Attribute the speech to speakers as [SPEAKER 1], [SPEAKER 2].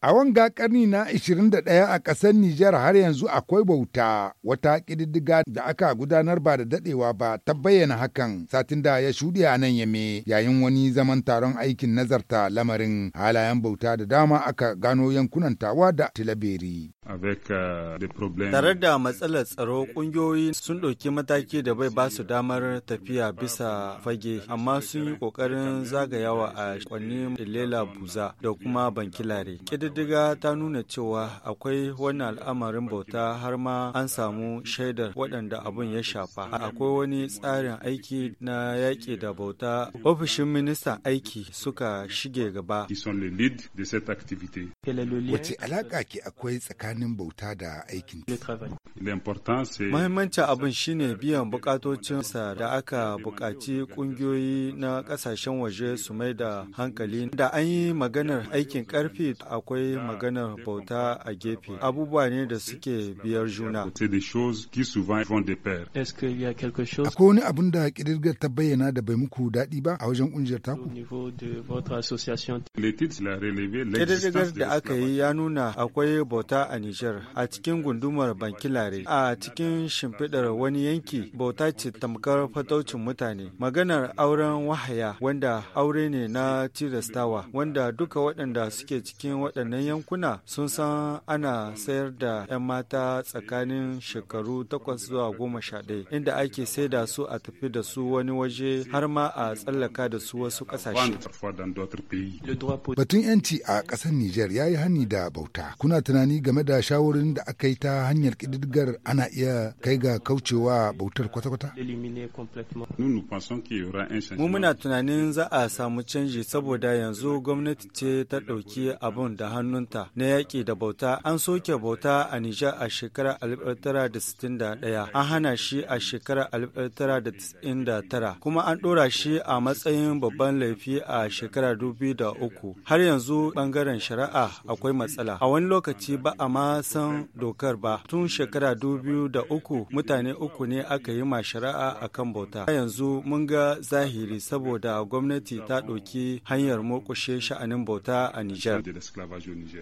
[SPEAKER 1] A wanga karni na 21 a ƙasar Nijar har yanzu akwai bauta wata ƙididdiga da aka gudanar ba da daɗewa ba ta bayyana hakan satin da ya shuɗe a nan yame yayin wani zaman taron aikin nazarta lamarin halayen bauta da dama aka gano yankunan tawa da tilaberi. Euh, Tare
[SPEAKER 2] da matsalar tsaro ƙungiyoyi sun ɗauki mataki da bai basu damar tafiya bisa fage amma sun yi ƙoƙarin zagayawa a kwanni Ilela Buza da kuma Bankilare. ƙididdiga ta nuna cewa akwai wani al'amarin bauta har ma an samu shaidar waɗanda abin ya shafa. Akwai wani tsarin aiki na yaƙi da bauta. Ofishin ministan aiki suka shige gaba. Wace
[SPEAKER 1] alaƙa ke akwai tsakanin bauta da aikin?
[SPEAKER 2] Mahimmancin abin shine biyan bukatocin sa da aka bukaci ƙungiyoyi na ƙasashen waje su mai da hankali. Da an yi maganar aikin karfi akwai akwai maganar bauta a gefe abubuwa ne da suke biyar juna. Akwai
[SPEAKER 1] wani abin da kirgar ta bayyana da bai muku daɗi ba a wajen ƙungiyar taku? kirgar da aka
[SPEAKER 2] yi ya nuna akwai bauta a Nijar a cikin gundumar Bankilare a cikin shimfiɗar wani yanki bauta ce tamkar fataucin mutane. Maganar auren wahaya wanda aure ne na tilastawa wanda duka waɗanda suke cikin waɗanda waɗannan yankuna sun san ana sayar da 'yan mata tsakanin shekaru 8 zuwa 11 inda ake saida su a tafi da su wani waje har ma a tsallaka
[SPEAKER 1] da su wasu ƙasashe. Batun 'yanci a ƙasar Nijar ya yi hani da bauta. Kuna tunani game da shawarin da aka yi ta hanyar ƙididdigar ana iya kai ga kaucewa bautar kwata-kwata? Mu muna
[SPEAKER 2] tunanin za a samu canji saboda yanzu gwamnati ce ta ɗauki abun da hannunta na yaƙi da bauta an soke bauta a Nijar a shekarar 1961 an hana shi a shekarar 1999 kuma an ɗora shi a matsayin babban laifi a shekarar 2003 har yanzu ɓangaren shari'a akwai matsala a wani lokaci ba a ma san dokar ba tun shekara 2003 mutane uku ne aka yi ma shari'a akan bauta yanzu mun ga zahiri saboda gwamnati ta ɗauki hanyar murƙushe sha'anin bauta a Nijar. 기준이제